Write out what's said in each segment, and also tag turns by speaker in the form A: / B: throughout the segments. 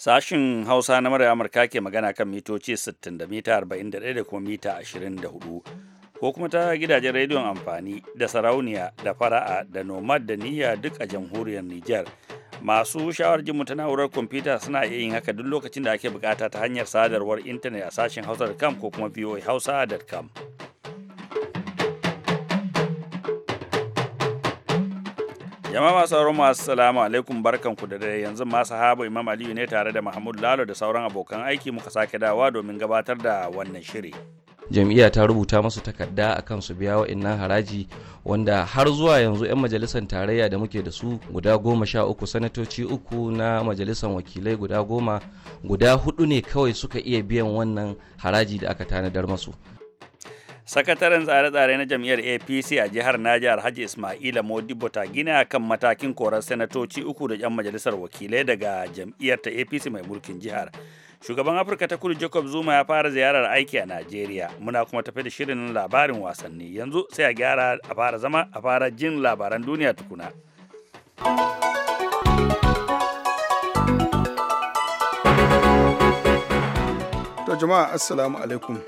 A: Sashin Hausa na murya Amurka ke magana kan mitoci 60 da mita 41 da kuma mita 24. Ko kuma ta gidajen rediyon amfani da sarauniya da fara'a da nomad da niyya duk a jamhuriyar Nijar. Masu shawar jin ta na'urar kwamfuta suna iya yin haka duk lokacin da ake bukata ta hanyar sadarwar intanet a sashin hausa.com ko kuma voahausa.com. Yama masu sauraron mu assalamu alaikum barkanku da dare yanzu ma sahaba Imam Aliyu ne tare da Mahmud Lalo da sauran abokan aiki muka sake dawa domin gabatar da wannan shiri.
B: Jam'iyya ta rubuta masu takarda akan su biya wa'innan haraji wanda har zuwa yanzu 'yan majalisar tarayya da muke da su guda goma sha uku sanatoci uku na majalisar wakilai guda goma guda hudu ne kawai suka iya biyan wannan haraji da aka tanadar masu.
A: sakataren tsare-tsare na jam'iyyar apc a jihar naja alhaji ismaila modibo gina kan matakin korar sanatoci uku da 'yan majalisar wakilai daga jam'iyyar ta apc mai mulkin jihar shugaban afirka ta kudu jacob zuma ya fara ziyarar aiki a najeriya muna kuma tafi da shirin labarin wasanni yanzu sai a gyara a fara zama a fara jin labaran duniya tukuna
C: to jama'a assalamu alaikum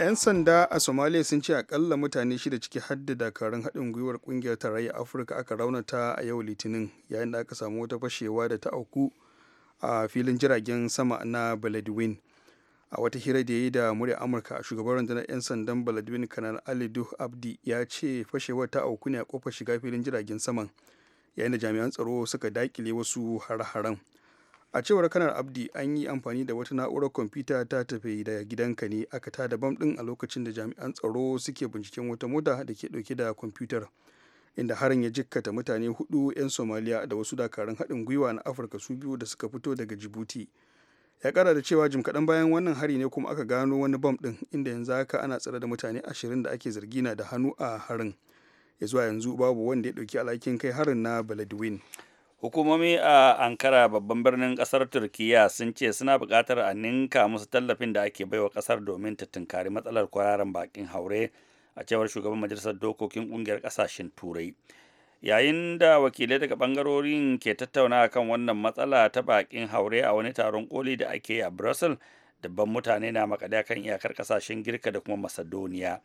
C: 'yan sanda a somalia sun ce akalla mutane shida ciki hadda dakarun haɗin gwiwar ƙungiyar tarayya afirka aka raunata a yau litinin yayin da aka samu wata fashewa da ta auku a filin jiragen sama na baladwin a wata hira da ya yi da murya amurka shugaban rundunar 'yan sandan baladwin kanar alidu abdi ya ce fashewar ta auku ne a kofar shiga filin jiragen saman yayin da jami'an tsaro suka dakile wasu har-haren a cewar kanar abdi an yi amfani da wata na'urar kwamfuta ta tafi da gidanka ne aka tada bam din a lokacin da jami'an tsaro suke binciken wata mota da ke dauke da kwamfutar inda harin ya jikkata mutane hudu 'yan somaliya da wasu dakarun haɗin gwiwa na afirka su biyu da suka fito daga jibuti ya kara da cewa jim kaɗan bayan wannan hari ne kuma aka gano wani bam ɗin inda yanzu haka ana tsare da mutane ashirin da ake zargi na da hannu a harin ya zuwa yanzu babu wanda ya ɗauki alhakin kai harin na baladwin
A: hukumomi a ankara babban birnin kasar turkiya sun ce suna buƙatar a ninka musu tallafin da ake baiwa kasar domin ta tunkari matsalar kwararan bakin haure a cewar shugaban majalisar dokokin ƙungiyar ƙasashen turai yayin da wakilai daga ɓangarorin ke tattauna kan wannan matsala ta bakin haure a wani taron koli da ake yi a brussels dabban mutane na makale kan iyakar ƙasashen girka da kuma macedonia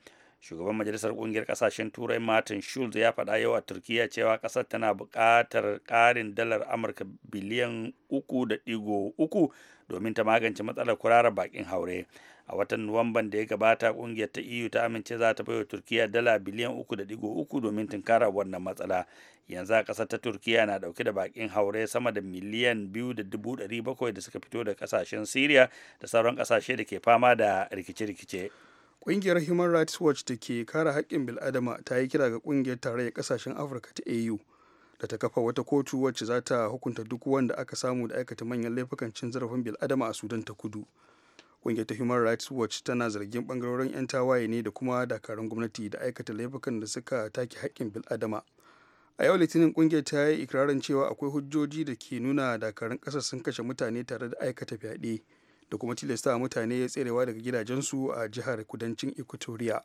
A: shugaban majalisar kungiyar kasashen turai martin schulz ya faɗa yau a turkiya cewa ƙasar tana buƙatar ƙarin dalar amurka biliyan uku da ɗigo uku domin ta magance matsalar kurara bakin haure a watan nuwamban da ya gabata kungiyar ta eu ta amince za ta baiwa turkiya dala biliyan uku da ɗigo uku domin tunkara wannan matsala yanzu a ƙasar ta turkiya na ɗauke da bakin haure sama da miliyan biyu da dubu ɗari bakwai da suka fito da kasashen syria da sauran ƙasashe da ke fama da rikice-rikice
C: Ƙungiyar Human Rights Watch da ke kare haƙƙin bil'adama ta yi kira ga ƙungiyar tarayyar ƙasashen Afirka ta AU da ta kafa wata kotu wacce za ta hukunta duk wanda aka samu da aikata manyan laifukan cin zarafin bil'adama a Sudan ta kudu. Ƙungiyar ta Human Rights Watch tana zargin ɓangarorin 'yan tawaye ne da kuma dakarun gwamnati da aikata laifukan da suka take haƙƙin bil'adama. a yau litinin ƙungiyar ta yi ikirarin cewa akwai hujjoji da ke nuna dakarun ƙasa sun kashe mutane tare da aikata fyaɗe da kuma tilasta mutane tserewa daga gidajensu a jihar kudancin equatoria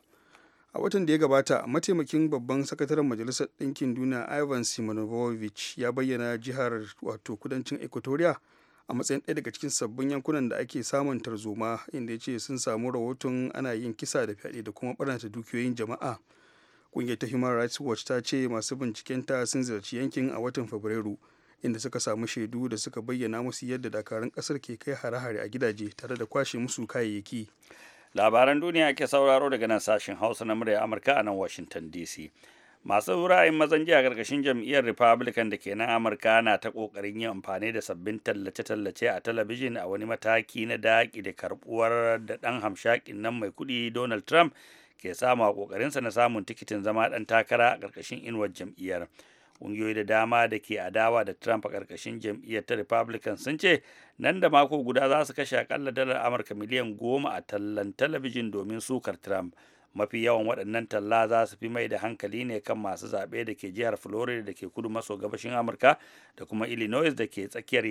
C: a watan da ya gabata mataimakin babban sakataren majalisar ɗinkin duniya ivan simonovic ya bayyana jihar wato kudancin equatoria a matsayin ɗaya daga cikin sabbin yankunan da ake samun tarzoma inda ya ce sun samu rahoton ana yin kisa da fyaɗe da kuma ɓarnata dukiyoyin jama'a ƙungiyar ta human rights watch ta ce masu binciken ta sun ziyarci yankin a watan fabrairu inda suka samu shaidu da suka bayyana musu yadda dakarun kasar ke kai hare-hare a gidaje tare da kwashe musu kayayyaki
A: labaran duniya ke sauraro daga nan sashen hausa na murya amurka a nan washington dc masu ra'ayin mazan jiya karkashin jam'iyyar republican da ke nan amurka na ta kokarin yin amfani da sabbin tallace-tallace a talabijin a wani mataki na daƙi da karbuwar da ɗan hamshakin nan mai kuɗi donald trump ke samu a kokarinsa na samun tikitin zama dan takara a karkashin inuwar jam'iyyar ƙungiyoyi da dama da ke adawa da trump a ƙarƙashin jam'iyyar ta republican sun ce nan da mako guda za su kashe aƙalla dalar amurka miliyan goma a tallan talabijin domin sukar trump mafi yawan waɗannan talla za su fi mai da hankali ne kan masu zaɓe da ke jihar florida da ke kudu maso gabashin amurka da kuma illinois da ke tsakiyar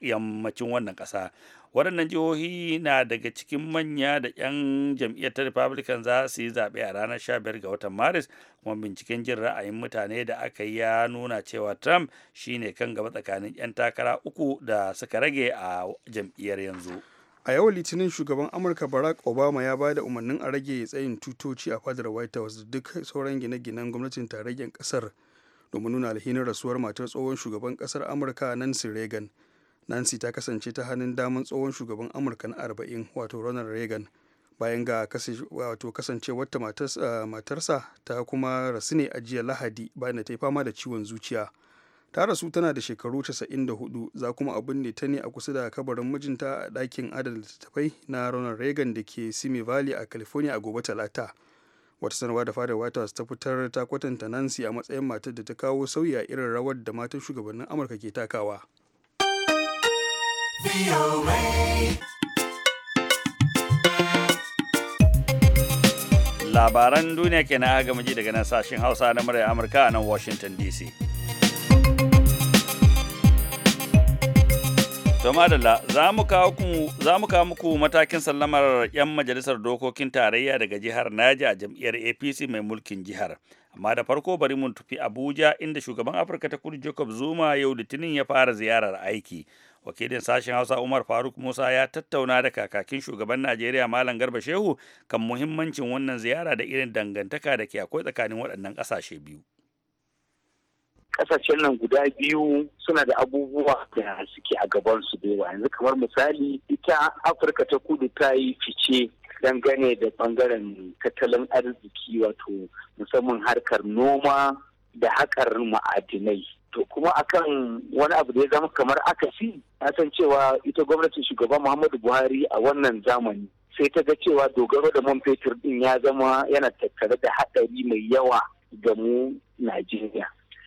A: yammacin wannan ƙasa waɗannan jihohi na daga cikin manya da 'yan jam'iyyar ta republican za su yi zaɓe a ranar 15 ga watan maris kuma binciken jin ra'ayin mutane da aka yi ya nuna cewa trump shine kan gaba tsakanin 'yan takara uku da suka rage a jam'iyyar yanzu
C: a yau litinin shugaban amurka barack obama ya bada umarnin a rage tsayin tutoci a fadar white house da duk sauran gine-ginen gwamnatin tarayyar kasar domin nuna alhinin rasuwar matar tsohon shugaban kasar amurka nancy reagan nancy ta kasance ta hannun daman tsohon shugaban amurka na arba'in wato ronald reagan bayan ga wato wata matarsa ta kuma rasu ne a jiya lahadi bayan da ta yi fama da ciwon zuciya ta rasu tana da shekaru 94 za kuma abun ne ta ne a kusa da kabarin mijinta a ɗakin adana littattafai na ronald reagan da ke simi valley a california a gobe talata wata sanarwa da fadar white house ta fitar ta kwatanta nancy a matsayin matar da ta kawo sauyi a irin rawar da matan shugabannin amurka ke takawa
A: labaran duniya kenan aga daga nan sashen hausa na murya amurka a nan washington dc To madalla za mu kawo muku matakin sallamar 'yan majalisar dokokin tarayya daga jihar Naja a jam'iyyar APC mai mulkin jihar. Amma da farko bari mun tufi Abuja inda shugaban Afirka ta kudu Jacob Zuma yau Litinin ya fara ziyarar aiki. Wakilin sashen Hausa Umar Faruk Musa ya tattauna da kakakin shugaban Najeriya Malam Garba Shehu kan muhimmancin wannan ziyara da irin dangantaka da ke akwai tsakanin waɗannan ƙasashe biyu.
D: kasashen nan guda biyu suna da abubuwa da suke a gabansu da yawa yanzu kamar misali ita afirka ta kudu ta yi fice dangane da bangaren tattalin arziki wato musamman harkar noma da haƙar ma'adinai to kuma akan wani abu da ya zama kamar akasi na san cewa ita gwamnatin shugaban muhammadu buhari a wannan zamani sai ta ga cewa dogaro da man fetur din ya zama yana tattare da haɗari mai yawa ga mu najeriya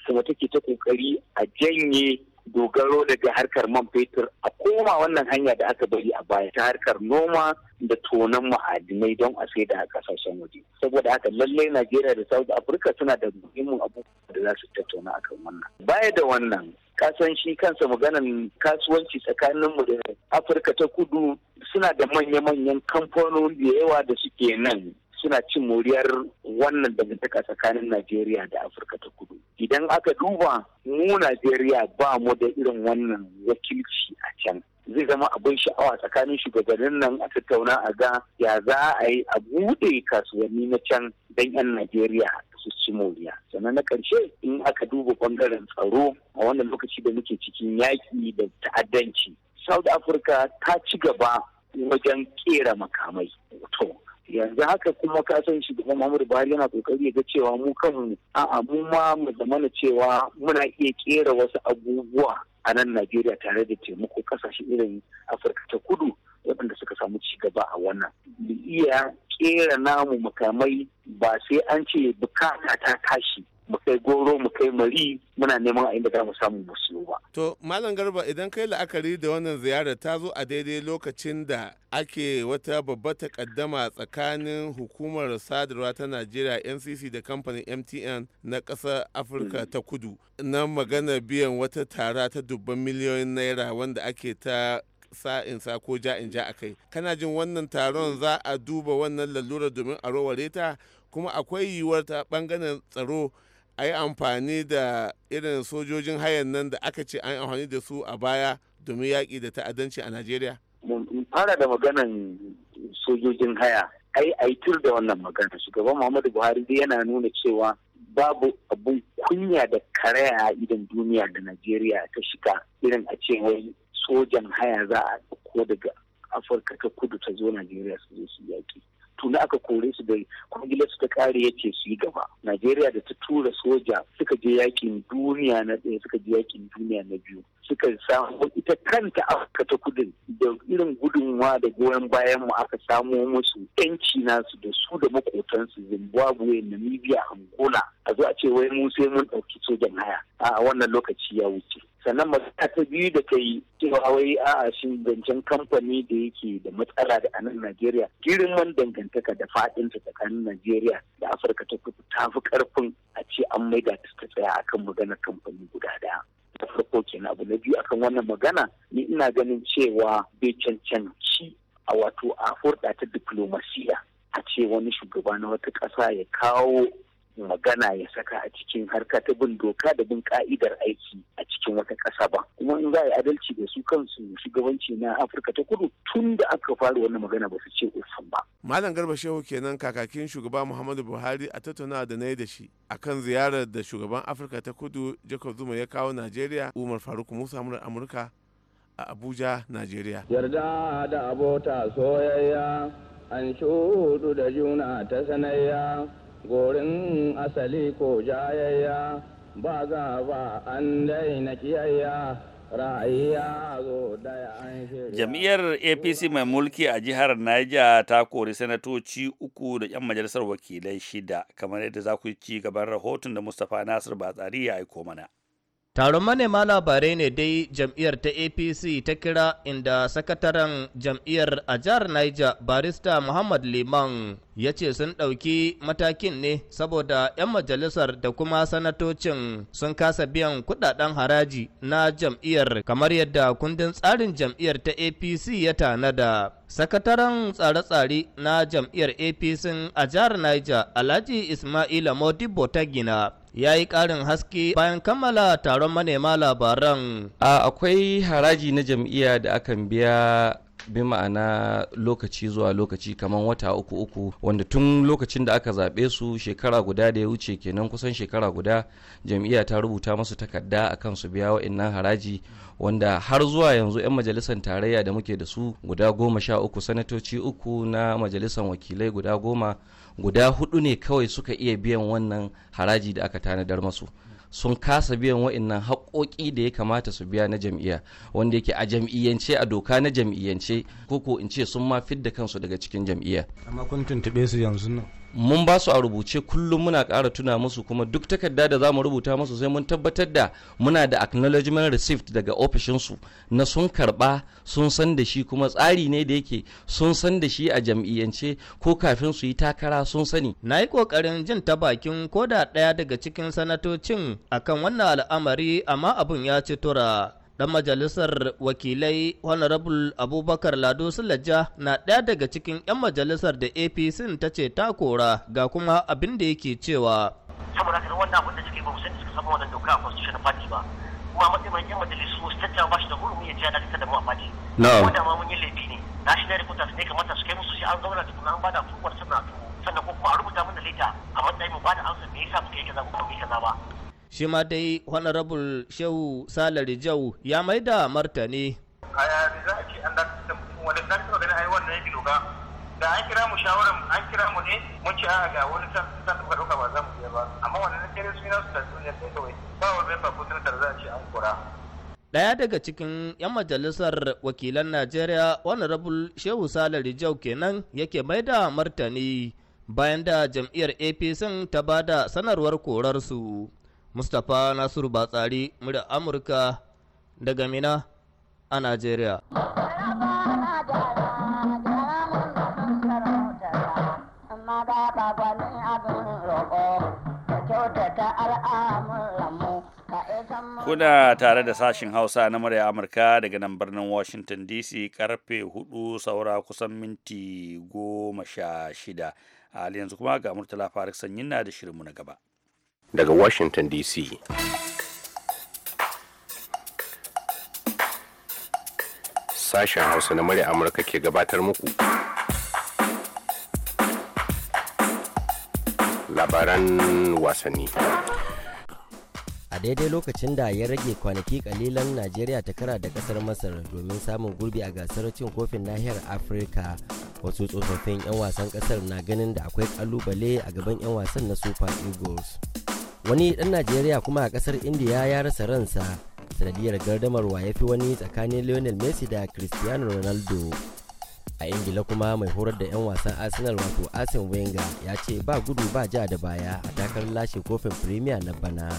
D: sama take ta kokari a janye dogaro daga harkar man fetur a koma wannan hanya da aka bari a baya ta harkar noma da tonon ma'adinai don a sai da a kasashen waje saboda haka lallai najeriya da south afirka suna da muhimmin abubuwa da za su tattauna a kan wannan baya da wannan kasan kansa maganan kasuwanci tsakaninmu da afirka ta kudu suna da manya-manyan kamfanoni da yawa da suke nan suna cin moriyar wannan dangantaka tsakanin najeriya da afirka ta kudu idan aka duba mu najeriya ba mu da irin wannan wakilci a can zai zama abin sha'awa tsakanin shugabannin nan a tattauna a ga ya za a yi a buɗe kasuwanni na can don 'yan najeriya su ci moriya sannan na ƙarshe in aka duba ɓangaren tsaro a wannan lokaci da muke cikin yaƙi da ta'addanci south africa ta ci gaba wajen ƙera makamai to yanzu haka kuma ka san shi shugaban Muhammadu Buhari yana kokari ga cewa mu kanmu a'a mu ma mu zamana cewa muna iya kera wasu abubuwa a nan Najeriya tare da taimako kasashe irin Afirka ta Kudu waɗanda suka samu ci gaba a wannan. Mu iya kera namu makamai ba sai an ce bukata ta tashi mu kai goro mu kai mari muna neman a inda za mu samu mu
E: ba. To Malam Garba idan kai la'akari da wannan ziyara ta zo a daidai lokacin da ake wata babbar takaddama tsakanin hukumar sadarwa ta Najeriya NCC da kamfanin MTN na ƙasar Afirka mm. ta Kudu na magana biyan wata tara ta dubban miliyoyin naira wanda ake ta sa'in sa ko ja'in ja a kai kana jin wannan taron mm. za a duba wannan lalura domin a roware ta kuma akwai yiwuwar ta bangaren tsaro a yi amfani da irin sojojin hayan nan da aka ce an yi amfani da su a baya domin yaƙi da ta'addanci a najeriya fara da
D: maganan sojojin haya ai aitir da wannan magana shugaban muhammadu buhari dai yana nuna cewa babu abun kunya da karaya idan duniya da najeriya ta shiga irin a ce wai sojan haya za a ko daga afirka ta kudu ta zo najeriya su zo su yaƙi tuni aka kore su da kungiyar su ta kare ya ce su yi gaba najeriya da ta tura soja suka je yakin duniya na ɗaya suka je yakin duniya na biyu suka samu ita kanta gudunmawa da goyon bayan mu aka samo musu yanci nasu da su da makotansu zimbabwe namibia angola a zo a ce wai mu sai mun ɗauki sojan haya a wannan lokaci ya wuce sannan magana ta biyu da kai cewa wai a shi zancen kamfani da yake da matsala da anan Najeriya girman dangantaka da faɗinta tsakanin Najeriya da Afirka ta ta fi karfin a ce an maida ta tsaya akan maganar kamfani guda ɗaya. ta farko kenan abu na biyu akan wannan magana ni ina ganin cewa bai cancanci a wato a furɗata ta diplomasiya a ce wani shugaba na wata ƙasa ya kawo magana ya saka a cikin harka ta bin doka da bin ka'idar aiki a cikin wata ƙasa ba kuma in za a yi adalci da su kansu shugabanci na afirka ta kudu tun da aka fara wannan magana ba su ce uffan ba
E: malam garba shehu kenan kakakin shugaba muhammadu buhari a tattauna da na yi da shi akan ziyarar da shugaban afirka ta kudu jacob zuma ya kawo najeriya umar faruk musa murar amurka a abuja najeriya yarda
C: da abota soyayya an shudu da juna ta sanayya gorin asali ko jayayya
E: ba za ba
C: an daina
F: kiyayya Jam'iyyar APC
A: mai mulki a jihar Niger ta kori sanatoci uku da 'yan majalisar wakilai shida, kamar yadda za ku ci gaban rahoton da Mustapha Nasir Batsari ya aiko mana.
F: Taron manema labarai ne dai jam'iyyar ta APC ta kira inda sakataren jam'iyyar a jihar Niger barista Muhammad Liman ya ce sun ɗauki matakin ne saboda 'yan majalisar da kuma sanatocin sun kasa biyan kudaden haraji na jam'iyyar kamar yadda kundin tsarin jam'iyyar ta APC ya tanada. Sakataren tsare-tsare na jam'iyyar APC a jihar Niger Alhaji Ismaila Modibo ta gina. ya yi ƙarin haske bayan kammala taron manema labaran.
B: a Akwai haraji na jam'iyya da akan biya bi ma'ana lokaci zuwa lokaci kamar wata uku uku wanda tun lokacin da aka zaɓe su shekara guda da ya wuce kenan kusan shekara guda jam'iyya ta rubuta masu takarda a kan su biya waannan haraji wanda har zuwa yanzu 'yan majalisar tarayya da muke da su guda goma sha uku sanatoci uku na majalisar wakilai guda goma guda hudu ne kawai suka iya biyan wannan haraji da aka tanadar masu sun kasa biyan wa'annan haƙoƙi da ya kamata su biya na jam'iyya wanda yake a jam'iyyance a doka na jam'iyyance ko in ce sun ma fidda kansu daga cikin jam'iyya amma kun tuntube su yanzu nan mun ba su a rubuce kullum muna ƙara tuna musu kuma duk takarda da za mu rubuta musu sai mun tabbatar da muna da acknowledgement received daga ofishinsu na sun karɓa sun san da shi kuma tsari ne da yake sun san da shi a jam'iyyance ko kafin su yi takara sun sani. Na yi ƙoƙarin jin ta
F: bakin ko da ɗaya daga cikin sanatocin akan wannan al'amari amma abun ya ci tura. Ɗan majalisar wakilai Honorable Abubakar Lado Sulaja na ɗaya daga cikin 'yan majalisar da APC ta ce ta kora ga kuma abin da yake cewa. Saboda haka wannan
B: abin da suke ba musamman suka saba wannan doka a Constitution Party ba. Kuma matsayin
D: 'yan majalisu su tattara ba shi da
F: hurumi ya ce ya dakatar da mu a party. Na Wanda ma mun yi laifi ne. Na shi da rikuta ne kamata su kai musu shi an zauna tukuna
D: an bada tukwar sannan sannan ko kuma a rubuta mana leta a matsayin mu ba da amsa me yasa muka yi kaza ko ba mu yi kaza ba.
F: shi ma dai honorable shehu salari jau ya mai da martani a za a
G: ce an dakatar mutum wani ta taɓa ganin ai wannan yake doka da an kira mu shawarar an kira mu ne mun ci a ga wani san san da ɗauka ba za mu je ba amma wannan na kere su yana su tafi ne sai kawai ba wani bai fafu tun za a ce an kura
F: Daya daga cikin 'yan majalisar wakilan Najeriya Honorable Shehu Salari Jau kenan yake mai da martani bayan da jam'iyyar APC ta ba da sanarwar korarsu. Mustapha Nasiru Batsari murya Amurka daga Mina a Najeriya.
A: Kuna tare da sashin Hausa na murya Amurka daga nan birnin Washington DC karfe hudu saura kusan minti goma sha shida. A yanzu kuma ga Murtala Faruk Sanyin na da shirinmu na gaba.
F: daga Washington DC.
C: Sashen Hausa na murya Amurka ke gabatar muku.
E: Labaran wasanni.
H: a daidai lokacin da ya rage kwanaki kalilan najeriya ta kara da kasar masar domin samun gurbi a gasar cin kofin nahiyar afirka wasu tsofaffin 'yan wasan kasar na ganin da akwai kalubale a gaban 'yan wasan na super eagles wani ɗan najeriya kuma a ƙasar indiya ya rasa ransa sanadiyar gardamarwa ya fi wani tsakanin lionel messi da cristiano ronaldo a ingila kuma mai horar da 'yan wasan arsenal wato arsene wenger ya ce ba gudu ba ja da baya a takarar lashe kofin premier na bana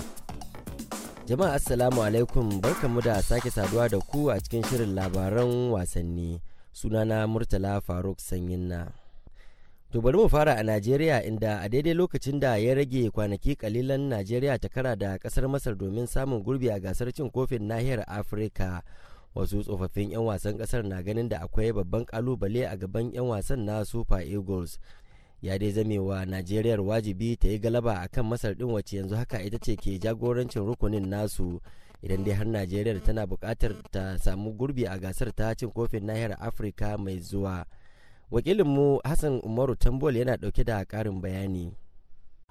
H: jama'a assalamu alaikum barkanmu da sake saduwa da ku a cikin shirin labaran wasanni sunana murtala faruk sanyin na To bari mu fara a Najeriya inda a daidai lokacin da ya rage kwanaki kalilan Najeriya ta kara da kasar Masar domin samun gurbi a gasar cin kofin nahiyar Afirka. Wasu tsofaffin 'yan wasan kasar na ganin da akwai babban kalubale a gaban 'yan wasan na Super Eagles. Ya dai zamewa najeriyar wajibi ta yi galaba a kan Masar ɗin wacce yanzu haka ita ce ke jagorancin rukunin nasu. Idan dai har najeriyar tana buƙatar ta samu gurbi a gasar ta cin kofin nahiyar Afirka mai zuwa. wakilinmu hassan umaru tambol yana dauke da karin bayani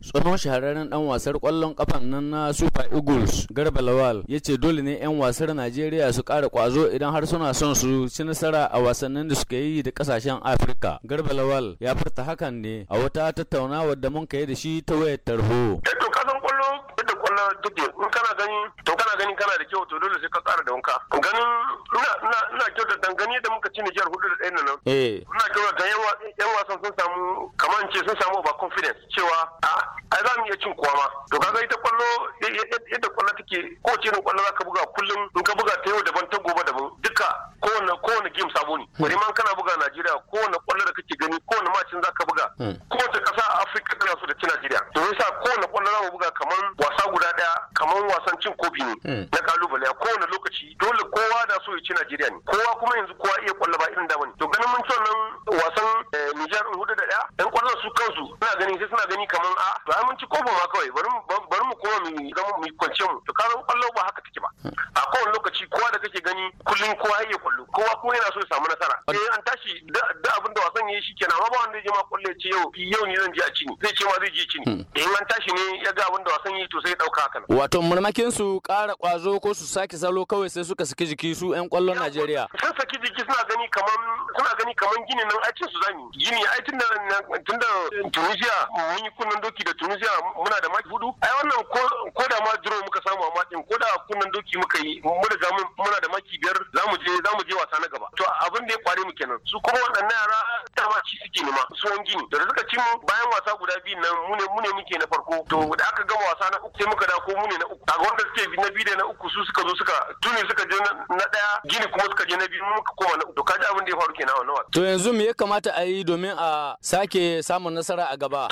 H: tsohon
I: shahararren dan wasar kwallon kafan nan na super eagles garba lawal ya ce dole ne 'yan wasar najeriya su kara kwazo idan har suna son su ci nasara a wasannin da suka yi da kasashen afirka garba lawal ya furta hakan ne a wata tattaunawa da mun kai da shi ta wayar tarho duk da in kana gani to kana gani kana da kyau to dole sai ka tsara da wanka ganin ina ina ina kyau kyautata gani da muka ci Nijar hudu da ɗaya nan eh ina kyau da yawa yan wasan sun samu kamar
G: ce sun samu ba confidence cewa a ai za mu iya cin kuwa ma to kaga ita kwallo yadda kwallo take ko ce ne kwallo zaka buga kullum in ka buga ta yau daban ta gobe daban duka kowane kowane game sabo ne. bari ma kana buga Najeriya kowane kwallo da kake gani kowane macin zaka buga hmm.
I: matakin su ƙara ƙwazo ko su sake salo kawai sai suka saki jiki su 'yan ƙwallon Najeriya.
G: Sun saki jiki suna gani kaman suna gani kaman gini nan aicin su zami. Gini ai tun da Tunisia mun yi kunnan doki da tunisia muna da maki hudu ai wannan ko da ma duro muka samu amma din ko da kunnan doki muka yi mu riga muna da maki biyar zamu je zamu je wasa na gaba to abin da ya kware mu kenan su kuma waɗannan yara ma ci suke ma su wangi ne da suka ci mu bayan wasa guda biyu nan mu ne mu ne muke na farko to da aka gama wasa na uku sai muka da ko mu ne na uku a wanda suke na biyu da na uku su suka zo suka tuni suka je na daya gini kuma suka je na biyu muka koma na uku to kaji abin da ya faru kenan wannan
I: to yanzu me ya kamata a yi domin a sake samun nasara a gaba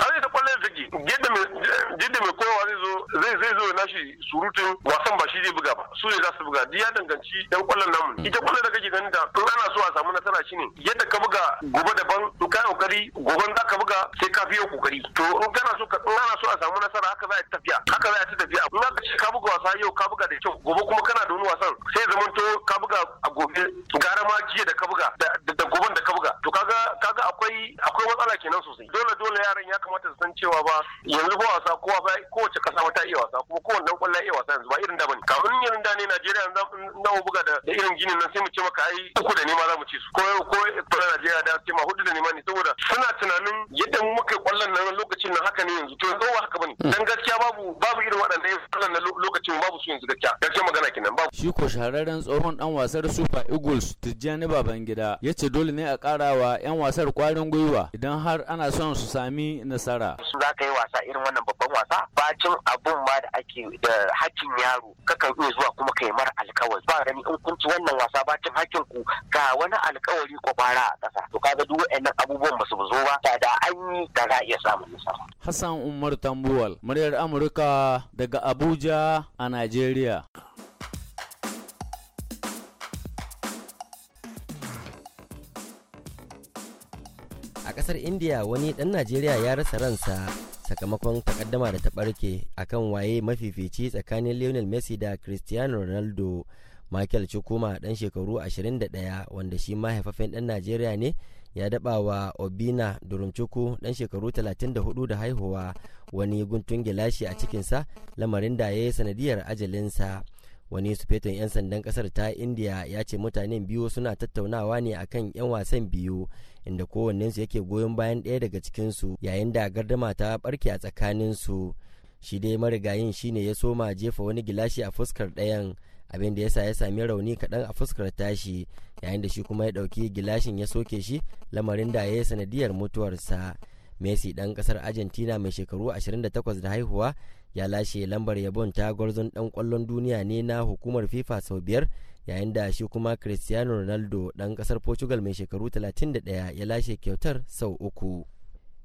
G: take yadda mai kowa zai zo zai zai zo nashi surutun wasan ba shi zai buga ba su ne za su buga ya danganci yan kwallon namu ita kwallon da kake gani ta in ana so a samu nasara ne yadda ka buga gobe daban in ka kokari gobe za ka buga sai ka fiye kokari to in kana so in ana so a samu nasara haka za a tafiya haka za a ta tafiya in ka ka buga wasa yau ka buga da kyau gobe kuma kana da wani wasan sai to ka buga a gobe gara ma jiya da ka buga da goben da ka buga to kaga kaga akwai akwai matsala kenan sosai dole dole yaran ya kamata su san cewa cewa ba yanzu ba wasa kowa ba kowace kasa wata iya wasa kuma kowanne dan kwallon iya wasa yanzu ba irin da bane kafin da ne Najeriya yanzu na buga da irin ginin nan sai mu ce maka ai uku da nema za mu ci su ko ko kwallon Najeriya da ce ma hudu da nema ne saboda suna tunanin yadda mu muka kwallon nan lokacin nan haka ne yanzu to yanzu ba haka bane
I: hmm. dan gaskiya babu babu irin waɗanda ya kwallon nan lokacin babu su yanzu gaskiya gaskiya magana kenan babu shi ko shahararren tsohon dan wasar Super Eagles Tijjani Babangida ya ce dole ne a karawa 'yan wasar kwarin gwiwa idan har ana son su sami nasara. za ka yi wasa
D: irin wannan babban wasa bacin abun ma da ake da hakkin yaro kakan iya zuwa kuma ka yi mara alkawari ba gani in kun ci wannan wasa bacin hakkin ku ga wani alkawari ko bara a kasa to kaga duk waɗannan abubuwan ba su zo ba da da an yi da za a iya samun nasara
I: Hassan Umar Tambuwal muryar Amurka daga Abuja a Najeriya
H: a kasar india wani dan najeriya ya rasa ransa sakamakon takaddama da ta barke akan waye mafifici tsakanin lionel messi da cristiano ronaldo michael chukuma dan shekaru 21 wanda shi mahaifafen dan najeriya ne ya daba wa obina durumchuku dan shekaru 34 da haihuwa wani guntun gilashi a cikinsa lamarin da ya yi sanadiyar ajalinsa wani sufetin 'yan sandan kasar ta india ya ce mutanen biyu suna tattaunawa ne akan 'yan wasan biyu inda kowannensu yake goyon bayan ɗaya daga cikinsu yayin da gardama ta barke a tsakaninsu shi dai marigayin shine ya soma jefa wani gilashi a fuskar ɗayan abin da yasa ya sami rauni kaɗan a fuskar tashi yayin da shi kuma ya ɗauki gilashin ya soke shi lamarin da ya yi sanadiyar mutuwarsa messi ɗan ƙasar argentina mai shekaru 28 da haihuwa ya lashe lambar yabon ta gwarzon ɗan ƙwallon duniya ne na hukumar fifa sau biyar yayin da shi kuma cristiano ronaldo ɗan ƙasar portugal mai shekaru 31 ya lashe kyautar sau uku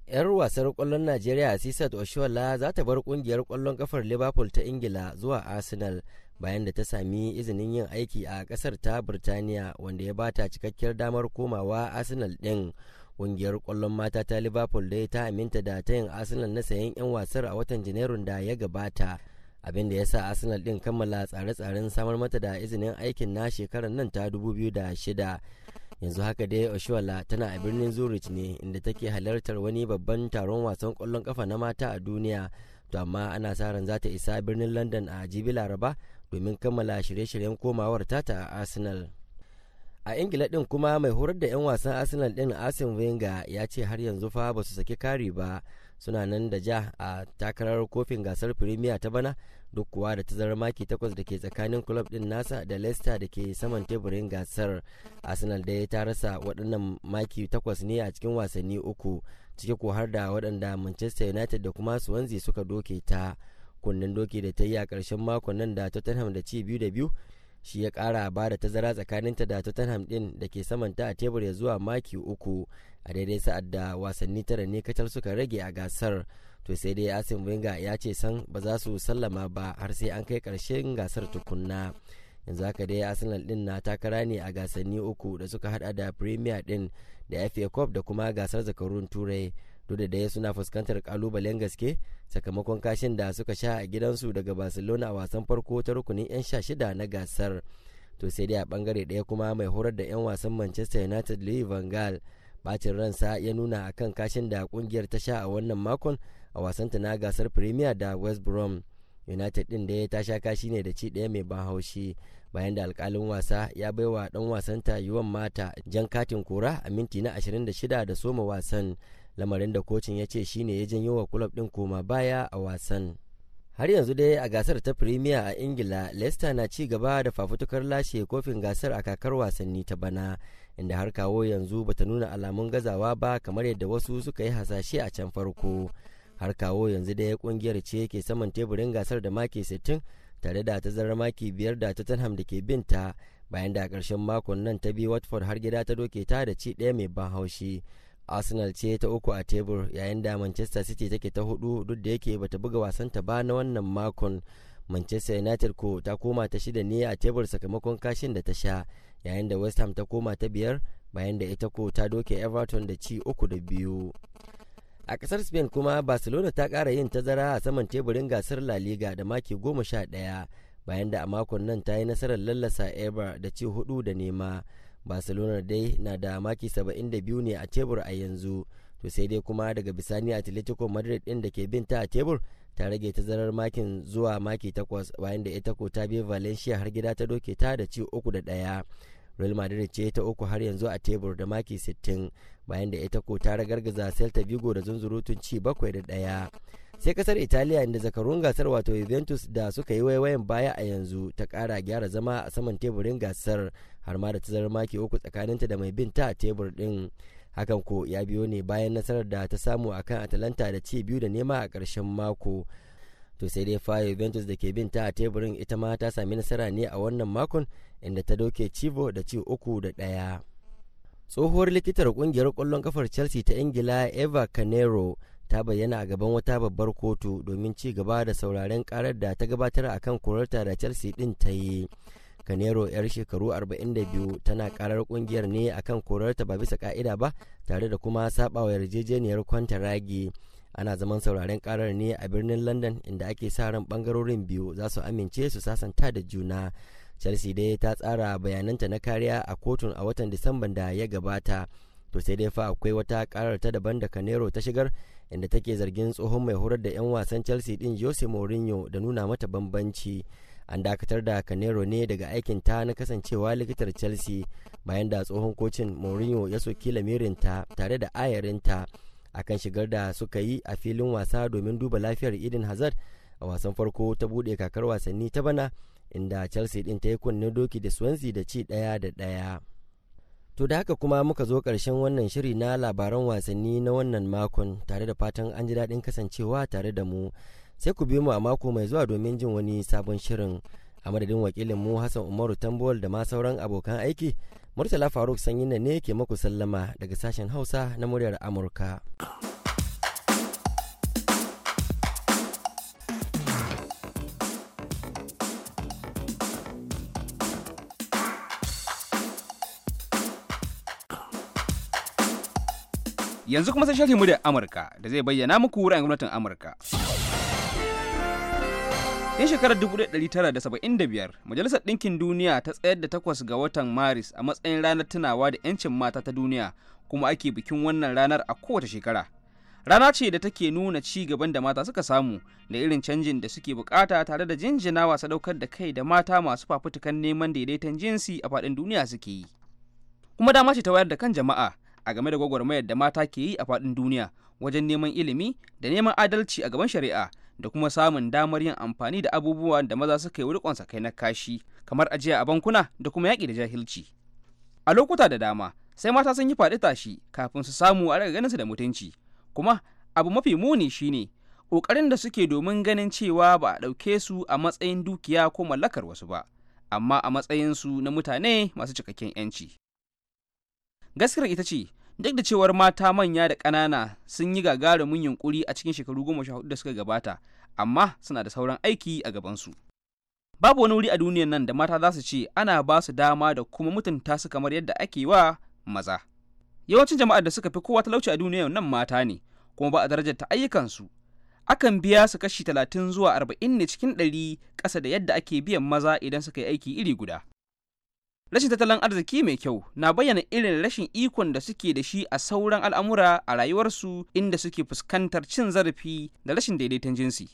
H: 'yar wasar kwallon najeriya sisat oshola za ta bar kungiyar kwallon kafar liverpool ta ingila zuwa arsenal bayan da ta sami izinin yin aiki a kasar ta birtaniya wanda ya bata cikakkiyar damar komawa arsenal din kungiyar kwallon mata ta liverpool dai ta aminta da ta yin arsenal na sayan 'yan wasar a watan janairun da ya gabata abin da ya sa arsenal din kammala tsare-tsaren samar mata da izinin aikin na shekarar nan ta shida, yanzu haka dai oshuala tana a birnin zurich ne inda take halartar wani babban taron wasan kwallon kafa na mata a duniya to amma ana sa ran za ta isa birnin london a jibi laraba domin kammala shirye-shiryen komawar ta ta arsenal a ingila din kuma mai horar da 'yan wasan arsenal din arsene wenger ya ce har yanzu fa ba su saki kari ba suna nan da ja a takarar kofin gasar firimiya ta bana duk kuwa da tazarar maki takwas da ke tsakanin club din nasa da leicester da ke saman teburin gasar arsenal dai ta rasa waɗannan maki takwas ne a cikin wasanni uku ciki ko har da waɗanda manchester united da kuma swansea suka doke ta kunnen doki da ta yi a ƙarshen makon nan da tottenham da ci biyu da biyu shi ya kara ba da tazara ta da tottenham din da ke ta a tebur ya zuwa maki uku a daidai sa'ad da wasanni tara ne kacal suka rage a gasar to sai dai asim winga ya ce san ba za su sallama ba har sai an kai karshen gasar tukunna yanzu haka dai arsenal din na takara ne a gasanni uku da suka hada da premier din da fa cup da kuma gasar zakarun turai duk da dai suna fuskantar kalubalen gaske sakamakon kashin da suka sha a gidansu daga barcelona a wasan farko ta rukunin 'yan sha shida na gasar to sai dai a bangare daya kuma mai horar da 'yan wasan manchester united louis van gaal bacin ransa ya nuna akan kashin da kungiyar ta sha a wannan makon a wasanta na gasar premier da west brom united din da ta sha kashi ne da ci ɗaya mai ban haushi bayan da alkalin wasa ya baiwa dan wasanta yuwan mata jan katin kora a minti na 26 da soma wasan lamarin da kocin ya ce shine ya janyo wa kulob din koma baya a wasan har yanzu dai a gasar ta premier a ingila leicester na ci gaba da fafutukar lashe kofin gasar a kakar wasanni ta bana inda har kawo yanzu bata nuna alamun gazawa ba kamar yadda wasu suka yi hasashe a can farko har kawo yanzu ya kungiyar ce ke saman teburin gasar da maki 60 tare da ta zarar maki biyar da tottenham da ke binta bayan da a ƙarshen makon nan ta bi watford har gida ta doke ta da ci ɗaya mai ban haushi arsenal ce ta uku a tebur yayin da manchester city take ta hudu duk da yake bata buga wasan ta ba na wannan makon manchester united ko ta koma ta shida ne a tebur sakamakon kashin da ta sha yayin da west ham ta koma ta biyar bayan da ita ko ta doke everton da ci uku da biyu a kasar spain kuma barcelona ta kara yin tazara a saman teburin gasar la liga da maki goma sha ɗaya bayan da a makon nan ta yi nasarar lallasa ebar da ci hudu da nema barcelona dai na da maki 72 ne a tebur a yanzu to sai dai kuma daga bisani atletico madrid din da ke bin ta a tebur ta rage tazarar makin zuwa maki takwas bayan da ita ko ta bi valencia har gida ta doke ta da ci uku da ɗaya real madrid ce ta uku har yanzu a tebur da maki 60 bayan da ita ko ta ragargaza celta vigo da zunzurutun ci bakwai da ɗaya sai kasar italiya inda zakarun gasar wato juventus da suka yi waiwayen baya a yanzu ta kara gyara zama a saman teburin gasar har ma da zarar maki uku tsakaninta da mai bin ta tebur din hakan ko ya biyo ne bayan nasarar da ta samu akan atalanta da ci biyu da nema a karshen mako to sai dai fa juventus da ke bin ta a teburin ita ma ta sami nasara ne a wannan makon inda ta doke cibo da ci uku da ɗaya. tsohuwar likitar kungiyar kwallon kafar chelsea ta ingila eva canero ta bayyana a gaban wata babbar kotu domin ci gaba da sauraren karar da ta gabatar a kan kurarta da chelsea din ta yi canero yar shekaru 42 tana karar kungiyar ne a kan kurarta ba bisa ka'ida ba tare da kuma sabawa yarjejeniyar kwanta kwantaragi ana zaman sauraren karar ne a birnin london inda ake sa ran bangarorin biyu za su amince su sasanta da juna chelsea dai ta tsara bayananta na kariya a kotun a watan disamban da ya gabata to sai dai fa akwai wata karar ta daban da canero ta shigar inda take zargin tsohon mai horar da 'yan wasan chelsea din jose mourinho da nuna mata bambanci an dakatar da canero ne daga aikin ta na kasancewa likitar chelsea bayan da tsohon kocin mourinho ya soki lamirinta tare da ayarinta akan shigar da suka yi a filin wasa domin duba lafiyar idin hazard a wasan farko ta bude kakar wasanni ta bana inda chelsea din ta yi kunne doki da swansea da ci daya da daya. to da haka kuma muka zo ƙarshen wannan shiri na labaran wasanni na wannan makon tare da fatan an ji daɗin kasancewa tare da mu sai ku bi mu a mako mai zuwa domin jin wani sabon shirin a madadin wakilin mu hassan umaru tambol da ma sauran abokan aiki murtala faruk sanyi ne ke maku sallama daga sashen hausa na muryar amurka.
J: Yanzu kuma sai mu da Amurka da zai bayyana muku wuraren gwamnatin Amurka. Yan shekarar 1975, Majalisar Ɗinkin Duniya ta tsayar da takwas ga watan Maris a matsayin ranar tunawa da 'yancin mata ta duniya kuma ake bikin wannan ranar a kowace shekara. Rana ce da take nuna ci gaban da mata suka samu da irin canjin da suke bukata tare da jinjinawa sadaukar da kai da mata masu fafutukan neman daidaiton jinsi a faɗin duniya suke yi. Kuma dama ce ta wayar da kan jama'a a game da gwagwarmayar da mata ke yi a faɗin duniya wajen neman ilimi da neman adalci a gaban shari'a da kuma samun damar yin amfani da abubuwan da maza suka yi riƙon kai na kashi kamar ajiya a bankuna da kuma yaƙi da jahilci a lokuta da dama sai mata sun yi faɗi tashi kafin su samu a daga ganin su da mutunci kuma abu mafi muni shine ƙoƙarin da suke domin ganin cewa ba a ɗauke su a matsayin dukiya ko mallakar wasu ba amma a matsayinsu na mutane masu cikakken 'yanci gaskiyar ita ce duk da cewar mata manya da ƙanana sun yi gagarumin yunkuri a cikin shekaru goma sha hudu da suka gabata amma suna da sauran aiki a gabansu babu wani wuri a duniyar nan da mata za su ce ana ba su dama da kuma mutunta su kamar yadda ake wa maza yawancin jama'ar da suka fi kowa talauci a duniyar nan mata ne kuma ba a darajarta ayyukansu akan biya su kashi talatin zuwa arba'in ne cikin ɗari ƙasa da yadda ake biyan maza idan suka yi aiki iri guda Rashin tattalin arziki mai kyau na bayyana irin rashin ikon da suke da shi a sauran al'amura a rayuwarsu inda suke fuskantar cin zarafi da rashin daidaiton jinsi.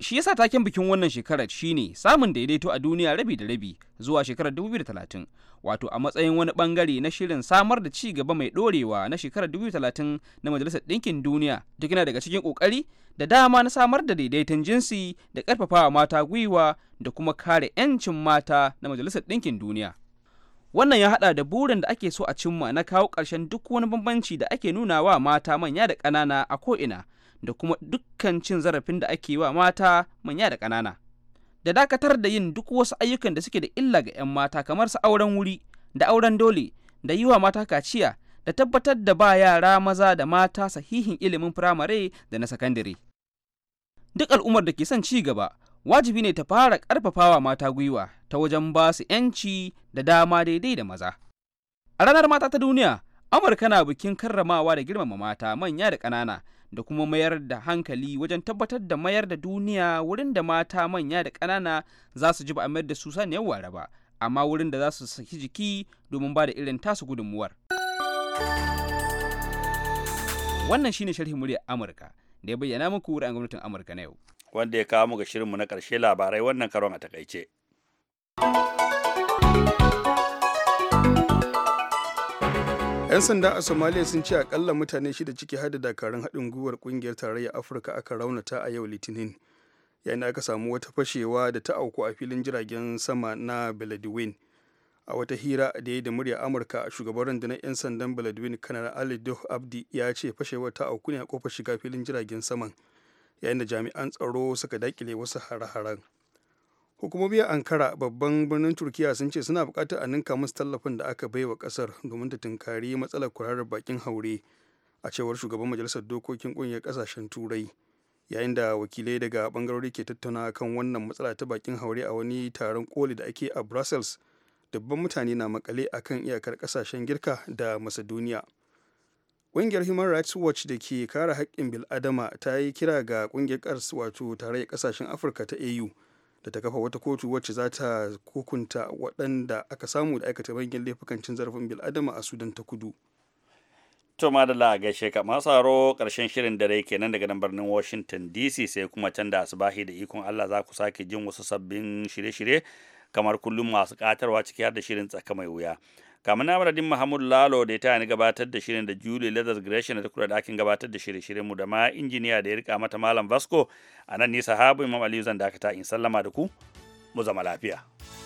J: Shi yasa taken bikin wannan shekarar shine samun daidaito a duniya rabi da rabi zuwa shekarar 2030, wato a matsayin wani bangare na shirin samar da ci gaba mai dorewa na shekarar 2030 na Majalisar Ɗinkin Duniya, duk yana daga cikin ƙoƙari da dama na samar da daidaiton jinsi da ƙarfafawa mata gwiwa da kuma kare 'yancin mata na Majalisar Ɗinkin Duniya. wannan ya hada da burin da ake so a cimma na kawo ƙarshen duk wani bambanci da ake nuna wa mata manya da ƙanana a ko'ina da kuma dukkan cin zarafin da ake wa mata manya da ƙanana da dakatar da yin duk wasu ayyukan da suke da illa ga 'yan mata kamar su auren wuri da auren dole da yi wa mata kaciya da tabbatar da ba yara maza da mata sahihin ilimin firamare da na sakandare duk al'ummar da ke son ci gaba wajibi ne ta fara ƙarfafawa mata gwiwa ta wajen ba su 'yanci da dama daidai da maza. A ranar mata ta duniya, Amurka na bikin karramawa da girmama mata manya da ƙanana da kuma mayar da hankali wajen tabbatar da mayar da duniya wurin da mata manya da ƙanana za su ji ba a da su san ware ba, amma wurin da za su saki jiki domin ba da irin tasu gudunmuwar.
A: Wannan shine sharhin murya Amurka da ya bayyana muku wurin gwamnatin Amurka na yau. wanda ya kawo mu ga shirinmu na ƙarshe labarai wannan karon a takaice. yan sanda a somalia sun ce akalla
C: mutane shida ciki hada dakarun haɗin gwiwar ƙungiyar tarayyar afirka aka raunata a yau litinin yayin aka samu wata fashewa da ta auku a filin jiragen sama na beledweyne a wata hira da ya da murya amurka shugaban rundunar 'yan sandan beledweyne kanar ali abdi ya ce fashewar ta auku ne a kofar shiga filin jiragen saman yayin da jami'an tsaro suka dakile wasu hare-haren hukumomi a ankara babban birnin turkiya sun ce suna bukatar a ninka musu tallafin da aka baiwa kasar domin ta tunkari matsalar kurarar bakin haure a cewar shugaban majalisar dokokin ƙungiyar kasashen turai yayin da wakilai daga bangarori ke tattauna kan wannan matsala ta bakin haure a wani taron koli da ake a brussels dubban mutane na makale akan iyakar kasashen girka da macedonia Ƙungiyar Human Rights Watch da ke kare haƙƙin bil'adama ta yi kira ga ƙungiyar ƙars wato tarayyar ƙasashen Afirka ta AU da ta kafa wata kotu wacce za ta hukunta waɗanda aka samu da aikata bangin laifukan cin zarafin bil'adama a Sudan ta kudu.
A: To madalla ga sheka masu haro ƙarshen shirin dare kenan daga nan birnin Washington DC sai kuma can da asubahi da ikon Allah za ku sake jin wasu sabbin shirye-shirye kamar kullum masu ƙatarwa ciki har da shirin tsaka mai wuya. kamar na madadin Muhammad Lalo da ya ni gabatar da shirin da Julie Leathers Gresham da kula da dakin gabatar da shirye-shiryenmu da ma injiniya da ya rika mata Malam Vasco a nan ne habu Imam Aliyu zan dakata in sallama da ku mu zama lafiya.